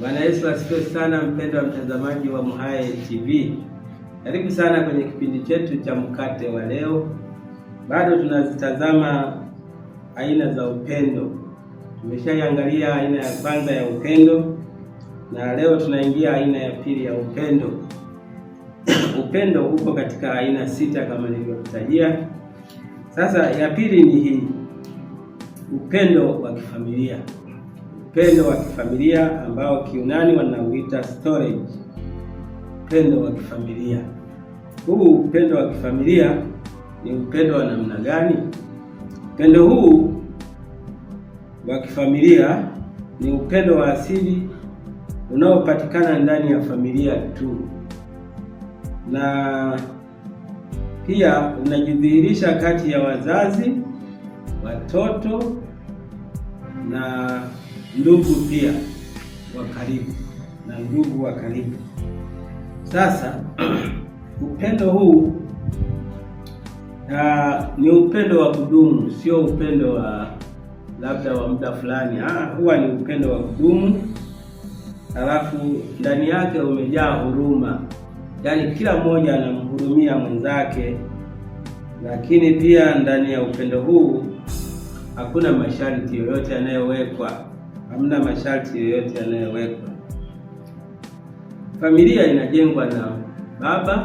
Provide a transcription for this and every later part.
Bwana Yesu asifiwe sana, mpendwa mtazamaji wa MHAE TV, karibu sana kwenye kipindi chetu cha mkate wa leo. Bado tunazitazama aina za upendo. Tumeshaangalia aina ya kwanza ya upendo, na leo tunaingia aina ya pili ya upendo. Upendo uko katika aina sita kama nilivyokutajia. Sasa ya pili ni hii, upendo wa kifamilia upendo wa kifamilia ambao Kiunani wanauita storage, upendo wa kifamilia huu. Upendo wa kifamilia ni upendo wa namna gani? Upendo huu wa kifamilia ni upendo wa asili unaopatikana ndani ya familia tu, na pia unajidhihirisha kati ya wazazi, watoto na ndugu pia wa karibu na ndugu wa karibu. Sasa upendo huu uh, ni upendo wa kudumu, sio upendo wa labda wa muda fulani. Ah, huwa ni upendo wa kudumu, halafu ndani yake umejaa huruma, yaani kila mmoja anamhurumia mwenzake, lakini pia ndani ya upendo huu hakuna masharti yoyote yanayowekwa hamna masharti yoyote yanayowekwa. Familia inajengwa na baba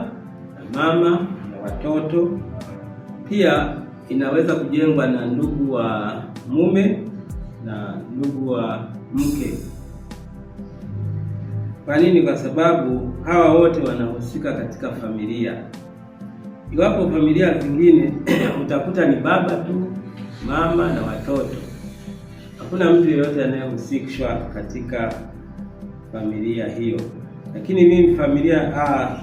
na mama na watoto, pia inaweza kujengwa na ndugu wa mume na ndugu wa mke. Kwa nini? Kwa sababu hawa wote wanahusika katika familia. Iwapo familia zingine utakuta ni baba tu, mama na watoto hakuna mtu yeyote anayehusishwa katika familia hiyo. Lakini mimi familia ah, ah,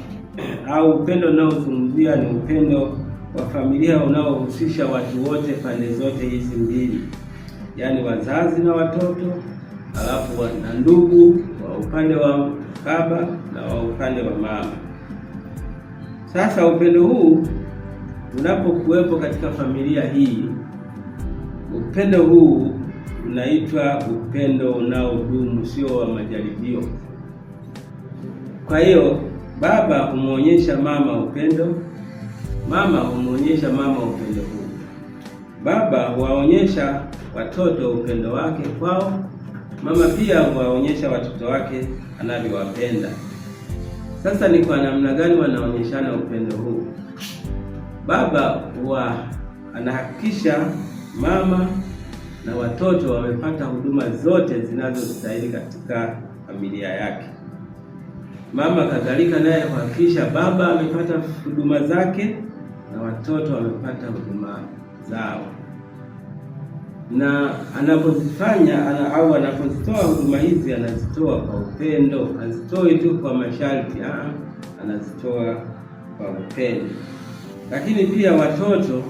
au upendo unaozungumzia ni upendo wa familia unaohusisha watu wote pande zote hizi mbili, yaani wazazi na watoto, alafu na ndugu wa upande wa baba na wa upande wa mama. Sasa upendo huu unapokuwepo katika familia hii, upendo huu unaitwa upendo unaodumu, sio wa majaribio. Kwa hiyo baba humwonyesha mama upendo, mama humwonyesha mama upendo huu. Baba huwaonyesha watoto upendo wake kwao, mama pia huwaonyesha watoto wake anavyowapenda. Sasa ni kwa namna gani wanaonyeshana upendo huu? Baba huwa anahakikisha mama na watoto wamepata huduma zote zinazostahili katika familia yake. Mama kadhalika naye kuhakikisha baba amepata huduma zake na watoto wamepata huduma zao, na anapozifanya ana, au anapozitoa huduma hizi anazitoa kwa upendo, hazitoi tu kwa masharti, anazitoa kwa upendo. Lakini pia watoto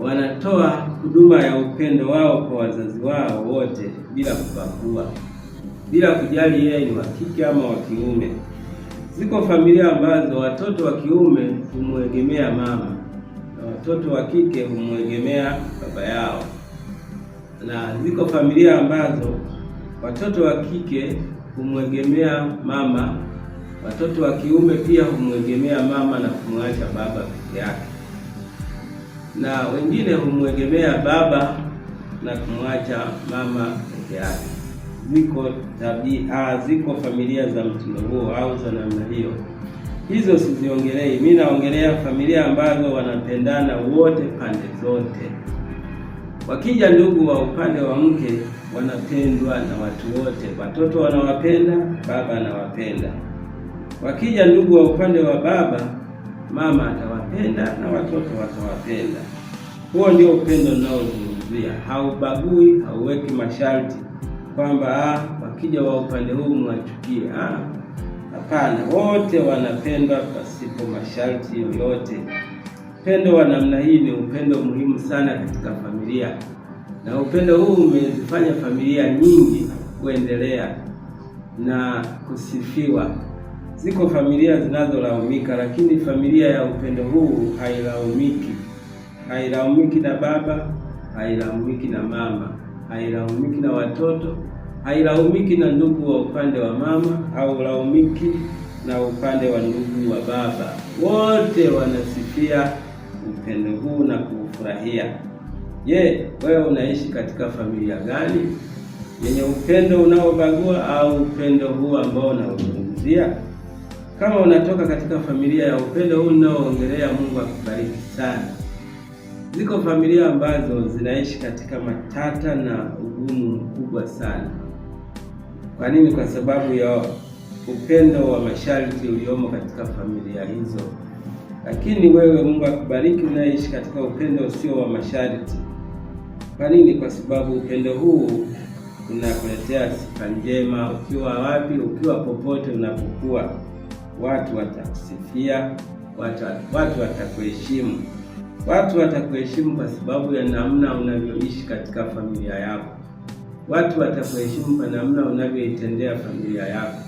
wanatoa huduma ya upendo wao kwa wazazi wao wote bila kubagua, bila kujali yeye ni wa kike ama wa kiume. Ziko familia ambazo watoto wa kiume humwegemea mama na watoto wa kike humwegemea baba yao, na ziko familia ambazo watoto wa kike humwegemea mama, watoto wa kiume pia humwegemea mama na kumwacha baba peke yake na wengine humwegemea baba na kumwacha mama peke yake. Ziko tabia, ah, ziko familia za mtindo huo au za namna hiyo. Hizo siziongelei mimi, naongelea familia ambazo wanapendana wote pande zote. Wakija ndugu wa upande wa mke wanapendwa na watu wote, watoto wanawapenda, baba anawapenda. Wakija ndugu wa upande wa baba mama atawapenda na watoto watawapenda. Huo ndio upendo unaozungumzia haubagui, hauweki masharti kwamba ah, wakija wa upande huu mwachukie. Ah, hapana, wote wanapendwa pasipo masharti yoyote. Upendo wa namna hii ni upendo muhimu sana katika familia, na upendo huu umezifanya familia nyingi kuendelea na kusifiwa. Ziko familia zinazolaumika, lakini familia ya upendo huu hailaumiki. Hailaumiki na baba, hailaumiki na mama, hailaumiki na watoto, hailaumiki na ndugu wa upande wa mama, au laumiki na upande wa ndugu wa baba. Wote wanasifia upendo huu na kuufurahia. Je, wewe unaishi katika familia gani yenye upendo unaobagua au upendo huu ambao unaozungumzia? Kama unatoka katika familia ya upendo huu unaoongelea, Mungu akubariki sana. Ziko familia ambazo zinaishi katika matata na ugumu mkubwa sana. Kwa nini? Kwa sababu ya upendo wa masharti uliomo katika familia hizo. Lakini wewe, Mungu akubariki unaishi katika upendo usio wa masharti. Kwa nini? Kwa sababu upendo huu unakuletea sifa njema ukiwa wapi, ukiwa popote unapokuwa watu watakusifia, watu, watu watakuheshimu. Watu watakuheshimu kwa sababu ya namna unavyoishi katika familia yako. Watu watakuheshimu kwa namna unavyoitendea familia yako,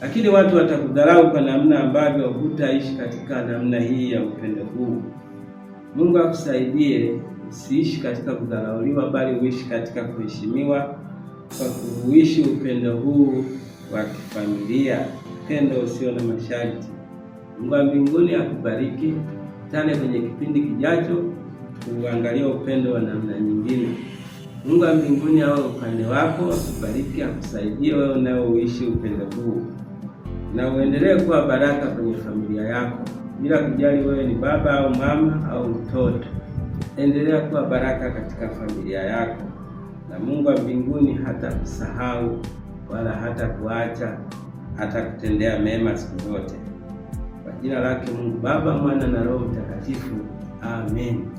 lakini watu watakudharau kwa namna ambavyo hutaishi katika namna hii ya upendo huu. Mungu akusaidie usiishi katika kudharauliwa, bali uishi katika kuheshimiwa kwa kuishi upendo huu wa kifamilia upendo usio na masharti. Mungu wa mbinguni akubariki. Tane kwenye kipindi kijacho kuangalia upendo wa namna nyingine. Mungu wa mbinguni awe upande wako, akubariki, akusaidie wewe unaoishi upendo huu, na uendelee kuwa baraka kwenye familia yako, bila kujali wewe ni baba au mama au mtoto. Endelea kuwa baraka katika familia yako, na Mungu wa mbinguni hata kusahau wala hata kuacha hata kutendea mema siku zote. Kwa jina lake Mungu Baba, Mwana na Roho Mtakatifu, amen.